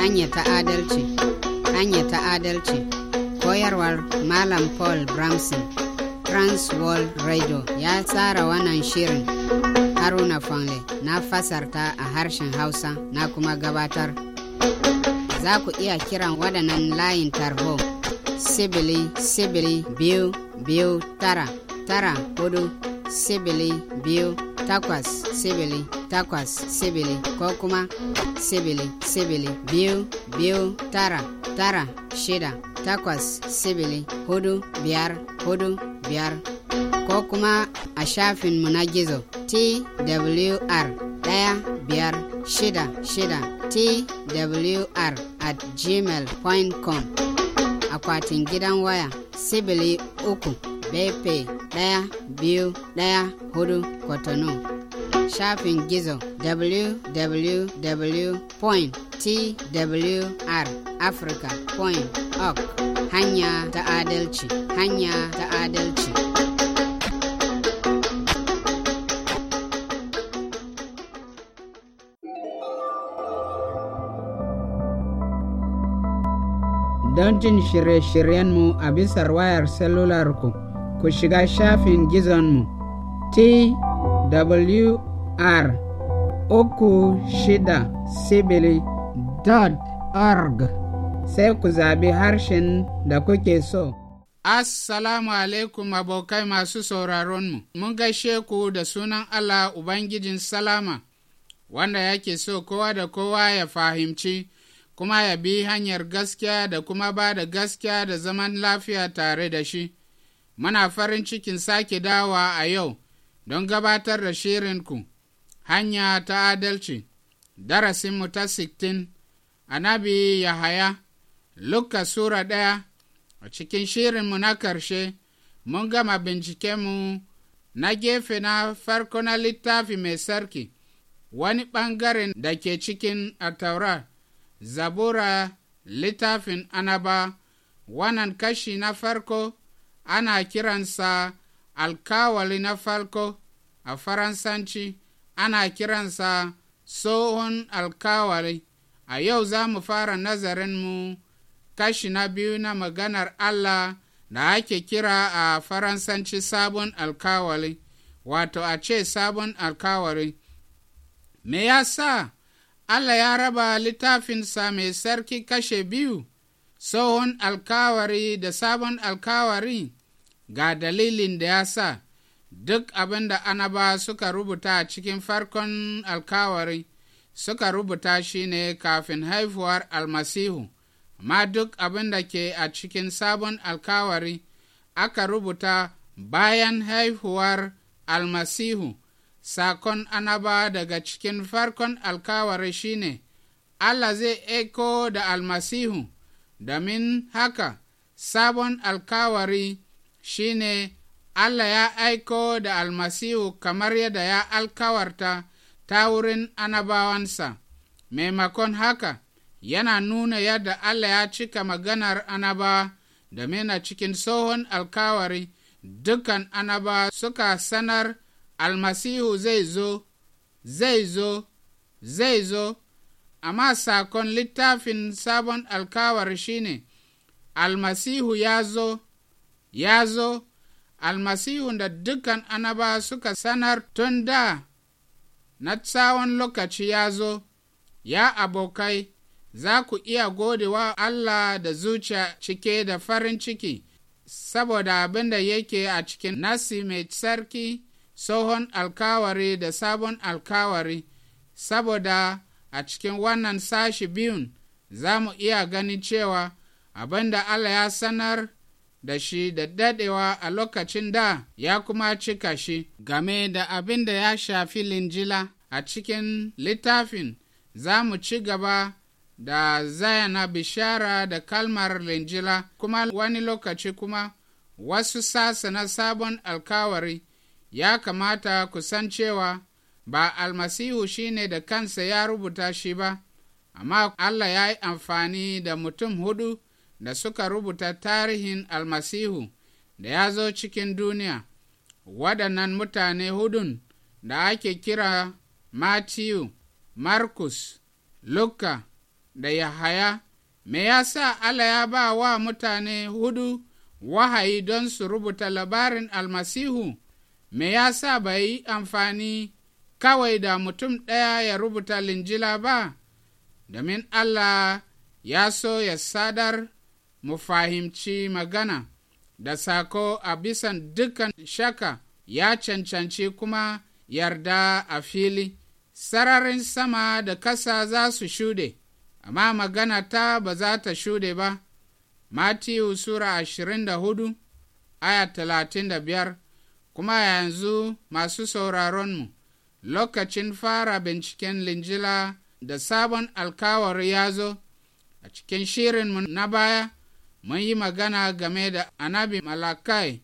Hanya ta adalci Hanya ta adalci koyarwar Malam Paul Bramson Trans World Radio ya tsara wannan shirin Haruna Fanle na fasarta a harshen Hausa na kuma gabatar. Za ku iya kiran waɗannan layin tarho sibili sibili biyu biyu tara tara hudu sibili biyu takwas sibili takwas sibili ko kuma sibili sibili biyu biyu tara tara shida takwas sibili hudu biyar hudu biyar ko kuma a shafin mu na gizo twr daya biyar shida shida twr at gmail.com akwatin gidan waya sibili uku bepe ɗaya biyu ɗaya hudu kotonu Shafin gizo www.twrafrica.org hanya ta adalci hanya ta adalci. don jin shirye-shiryenmu a bisar wayar ku ku shiga shafin gizonmu twr uku shida sibili dot org sai ku zaɓi harshen da kuke so. Assalamu alaikum abokai masu sauraronmu, mun gaishe ku da sunan Allah Ubangijin Salama, wanda yake so kowa da kowa ya fahimci, kuma ya bi hanyar gaskiya da kuma ba da gaskiya da zaman lafiya tare da shi. muna farin cikin sake dawa a yau don gabatar da shirinku hanya ta adalci darasinmu ta 16 annabi yahaya luka sura ɗaya a cikin shirinmu na ƙarshe mun gama mu na gefe na farko na littafi mai sarki wani ɓangaren da ke cikin ataura zabura littafin anaba wannan kashi na farko ana kiransa alkawali na farko a faransanci ana kiransa tsohon alkawali a yau za mu fara nazarinmu kashi na biyu na maganar allah da ake kira a faransanci sabon alkawali wato a ce sabon alkawali. me ya sa allah ya raba littafinsa mai sarki kashe biyu tsohon alkawari da sabon alkawari ga dalilin da ya sa duk abin da anaba suka rubuta a cikin farkon alkawari suka rubuta shi ne kafin haifuwar almasihu ma duk abin da ke a cikin sabon alkawari aka rubuta bayan haifuwar almasihu sakon anaba daga cikin farkon alkawari ne Allah zai eko da almasihu domin haka sabon alkawari shine Allah ya aiko da almasihu kamar yadda ya alkawarta ta wurin anabawansa, maimakon haka yana nuna yadda Allah ya cika maganar anabawa domin a cikin tsohon alkawari dukan anaba suka sanar almasihu zai zo, zai zo, zai zo, amma sakon littafin sabon alkawar shine almasihu ya zo ya zo almasihu da dukkan anaba suka sanar tun da na tsawon lokaci ya zo ya abokai za ku iya godewa Allah da zuciya cike da farin ciki saboda abin da yake a cikin nasi mai sarki. tsohon alkawari da sabon alkawari saboda a cikin wannan sashi biyun za mu iya gani cewa abin da Allah ya sanar da shi da dadewa a lokacin da ya kuma cika shi game da abin da ya shafi linjila a cikin littafin za mu ci gaba da zayana bishara da kalmar linjila kuma wani lokaci kuma wasu sasa na sabon alkawari ya kamata ku san cewa ba almasihu shine da kansa ya rubuta shi ba amma allah ya yi amfani da mutum hudu da suka rubuta tarihin almasihu da ya zo cikin duniya waɗannan mutane hudun da ake kira Matthew, Markus, Luka da Yahaya, me ya sa Allah ya ba wa mutane hudu wahayi don su rubuta labarin almasihu, me ya sa bai yi amfani kawai da mutum ɗaya ya rubuta linjila ba, domin Allah ya so ya sadar mu fahimci magana da sako a bisan dukkan shaka ya cancanci kuma yarda a fili sararin sama da kasa za su shuɗe amma magana ta ba za ta shuɗe ba matiyu sura ashirin da hudu aya talatin da biyar kuma yanzu masu sauraronmu lokacin fara binciken linjila da sabon alkawari ya zo a cikin shirinmu na baya mun yi magana game da anabi malakai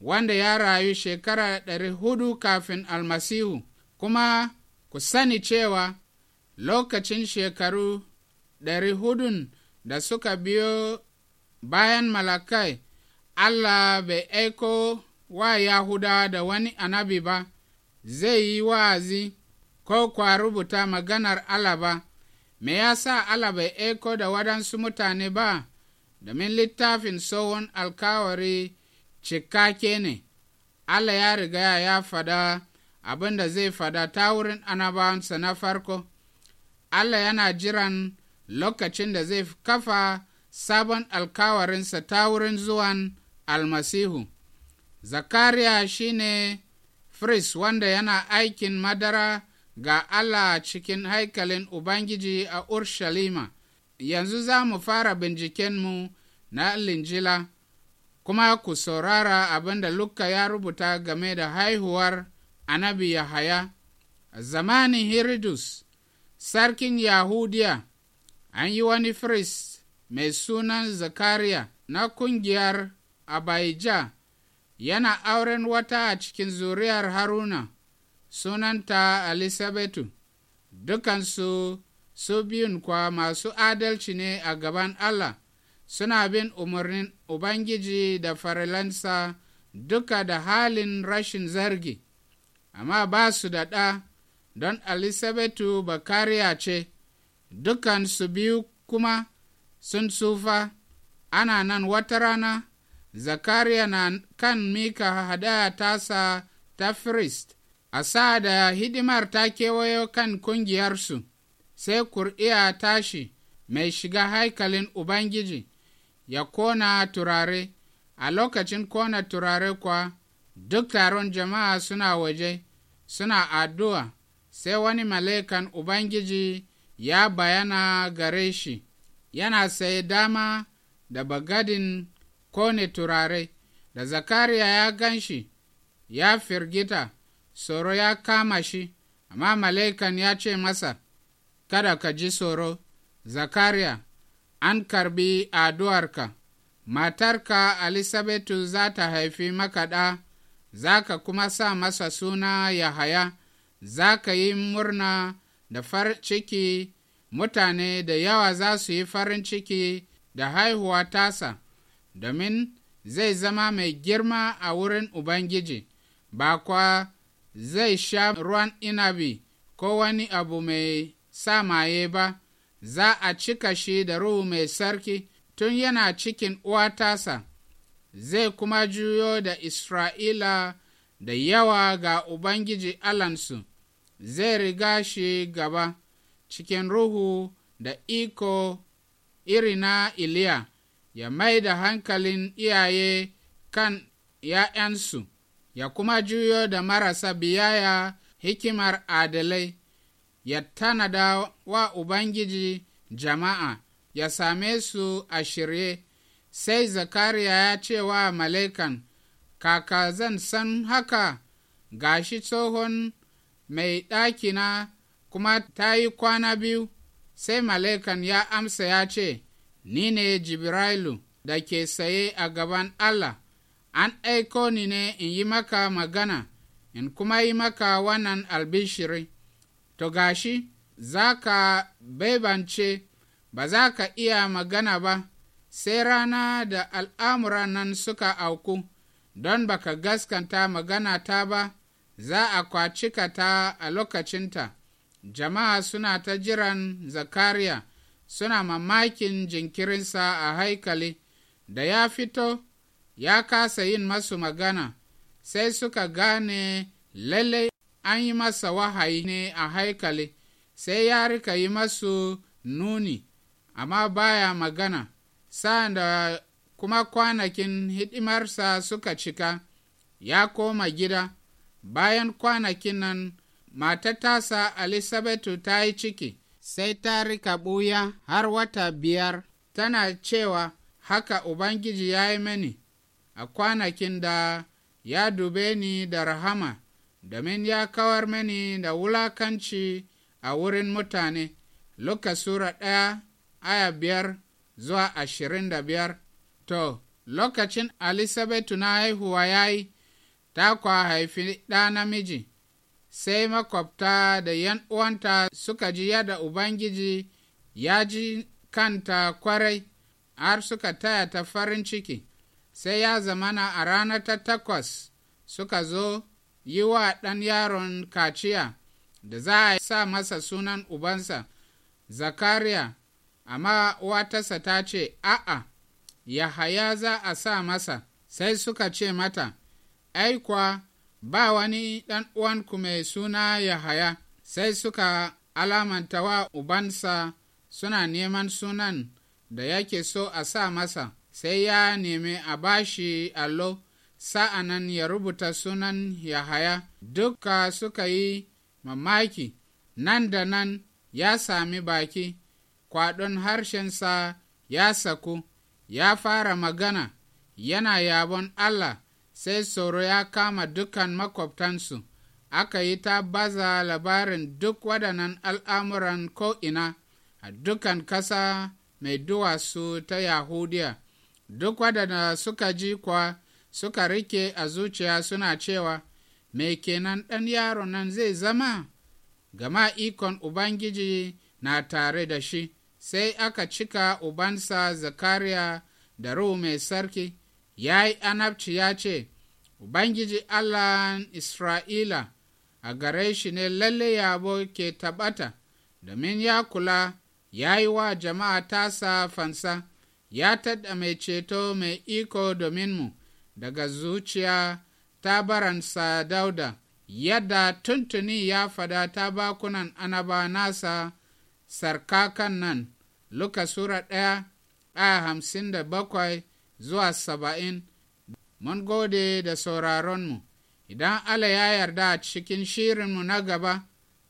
wanda ya rayu shekara ɗari hudu kafin almasihu kuma ku sani cewa lokacin shekaru ɗari hudun da suka biyo bayan malakai allah bai aiko wa yahuda da wani anabi ba zai yi wa'azi ko kwa rubuta maganar allah ba me ya sa allah bai aiko da waɗansu mutane ba domin littafin tsohon alkawari cikake ne, Allah ya riga ya fada abin da zai fada ta wurin anabawansa na farko, Allah yana jiran lokacin da zai kafa sabon alkawarinsa ta wurin zuwan almasihu. Zakariya shine ne Fris wanda yana aikin madara ga Allah cikin haikalin Ubangiji a Urshalima. yanzu za mu fara binciken mu na linjila kuma ku saurara abin da Luka ya rubuta game da haihuwar annabi Yahaya, zamanin Hiridus, sarkin Yahudiya, an yi wani firist mai sunan Zakariya na kungiyar Abaija, yana auren wata a cikin zuriyar Haruna, sunanta Elisabetu, dukansu su biyun kwa masu adalci ne a gaban Allah, suna bin umarnin Ubangiji da farilansa duka da halin rashin zargi, amma ba su da ɗa don Elisabetu bakariya ce, dukan su biyu kuma sun tsufa ana nan wata rana, Zakariya na kan mika hadaya tasa ta firist, a sa da hidimar ta kewayo kan kungiyarsu. sai kur'iya tashi mai shiga haikalin Ubangiji ya kona turare, a lokacin kona turare kuwa duk taron jama'a suna waje, suna addu'a, sai wani mala'ikan Ubangiji ya bayana gare shi, yana sai dama da bagadin kone turare, da Zakariya ya gan shi, ya firgita, tsoro ya kama shi, amma mala'ikan ya ce masa, kada ka ji tsoro zakariya an karbi addu'arka matarka Alisabetu za ta haifi makaɗa. ɗa za ka kuma sa masa suna yahaya za ka yi murna da farin ciki mutane da yawa za su yi farin ciki da haihuwa tasa domin zai zama mai girma a wurin ubangiji ba kwa zai sha ruwan inabi ko wani abu mai sa maye ba, za a cika shi da Ruhu Mai Sarki tun yana cikin uwatasa zai kuma juyo da Isra'ila da yawa ga Ubangiji Allahnsu, zai riga shi gaba cikin Ruhu da iko iri na Iliya, ya mai da hankalin iyaye kan ‘ya'yansu, ya kuma juyo da marasa biyaya hikimar adalai. ya tanada wa Ubangiji jama'a, ya same su a shirye, sai Zakariya ya ce wa mala'ikan, Kaka zan san haka, ga shi tsohon mai ɗakina kuma ta yi kwana biyu, sai mala'ikan ya amsa ya ce, Ni ne Jibrailu da ke saye a gaban Allah, an aiko ni ne in yi maka magana, in kuma yi maka wannan albishirin. to gashi za ka baibance ba za ka iya magana ba sai rana da al'amura nan suka auku don ba ka gaskanta magana ta ba za a kwacika ta a lokacinta jama'a suna ta jiran zakariya suna mamakin jinkirinsa a haikali da ya fito ya kasa yin masu magana sai suka gane lallai an yi masa wahayi ne a haikali sai ya rika yi masu nuni amma baya magana sa'an da kuma kwanakin hidimarsa suka cika ya koma gida bayan kwanakin nan matatasa alisabetu ta yi ciki sai ta rika ɓuya har wata biyar tana cewa haka Ubangiji ya yi mani a kwanakin da ya dube ni da rahama domin ya kawar mani da wulakanci a wurin mutane Luka Sura ɗaya aya biyar zuwa ashirin da biyar to lokacin alisabetu na haihuwa ya yi ta kwa haifi ɗa namiji sai makwabta da yan uwanta suka ji yada Ubangiji ya ji kanta kwarai har suka taya ta farin ciki sai ya zamana a ranar ta takwas suka zo yi wa ɗan yaron kaciya da za a sa masa sunan ubansa zakariya amma watarsa ta ce a'a yahaya za a sa masa sai suka ce mata ai kwa ba wani ɗan uwanku mai suna yahaya sai suka alamanta wa ubansa suna neman sunan da yake so a sa masa sai ya nemi a bashi allo sa'a nan ya rubuta sunan Yahaya, duka suka yi mamaki, nan da nan ya sami baki, kwaɗon harshensa ya saku, ya fara magana, yana yabon Allah, sai tsoro ya kama dukan makwabtansu, aka yi ta baza labarin duk waɗannan al'amuran ko'ina a dukan ƙasa mai duwatsu ta Yahudiya, duk waɗanda suka ji kwa suka rike a zuciya suna cewa me kenan ɗan yaron nan zai zama gama ikon ubangiji na tare da shi sai aka cika ubansa zakariya da ruhu mai sarki ya yi anabci ya ce ubangiji allah isra'ila a gare shi ne lalle yabo ke tabbata domin ya kula ya yi wa jama'a tasa fansa ya taɗa mai ceto mai iko domin mu daga zuciya ta baransa dauda yadda tuntuni ya fada ta bakunan anaba nasa sarkakan nan luka sura ɗaya a hamsin da bakwai zuwa saba'in mun gode da sauraronmu idan ala ya yarda a cikin shirinmu na gaba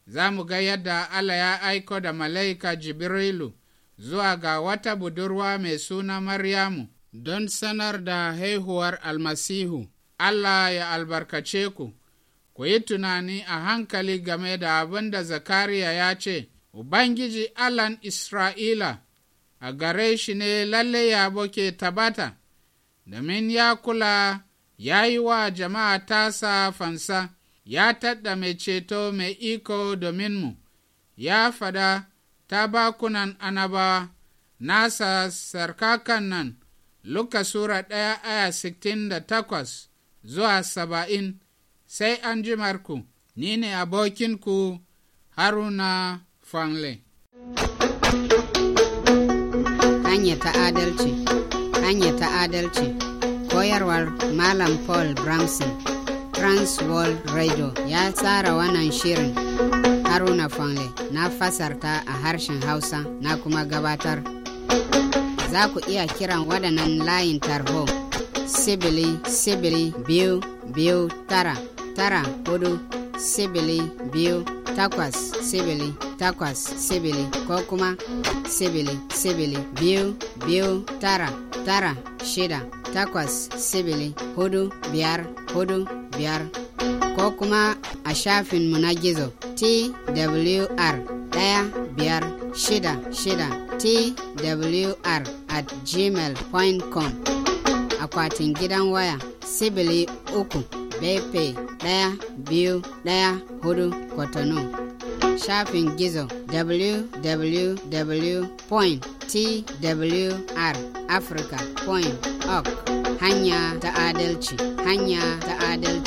za mu ga yadda ala ya aiko da mala'ika jibrilu zuwa ga wata budurwa mai suna maryamu don sanar da haihuwar almasihu allah ya albarkace ku ku yi tunani a hankali game da abin da zakariya ya ce ubangiji allahn isra'ila a gare shi ne lalle ya ke tabata domin ya kula ya yi wa jama'a tasa fansa ya taɗa mai ceto mai iko domin mu ya fada ta bakunan anaba nasa sarkakan nan Luka Sura ɗaya aya sittin da takwas zuwa saba'in sai an ji Marku, ni ne abokinku Haruna Fanle. Hanya ta adalci, hanya ta adalci, koyarwar Malam Paul Bramson, Transworld Radio ya tsara wannan shirin. Haruna Fanle na fasarta a harshen Hausa na kuma gabatar. za ku iya kiran waɗannan layin tarho sibili sibili biyu biyu tara tara hudu sibili biyu takwas sibili takwas sibili ko kuma sibili sibili biyu biyu tara tara shida takwas sibili hudu biyar hudu biyar ko kuma a shafin mu na gizo twr ɗaya biyar shida shida twr at com akwatin gidan waya sibili uku bepe ɗaya biyu ɗaya hudu kwatano shafin gizo www.twrafrica.org hanya ta adalci hanya ta adalci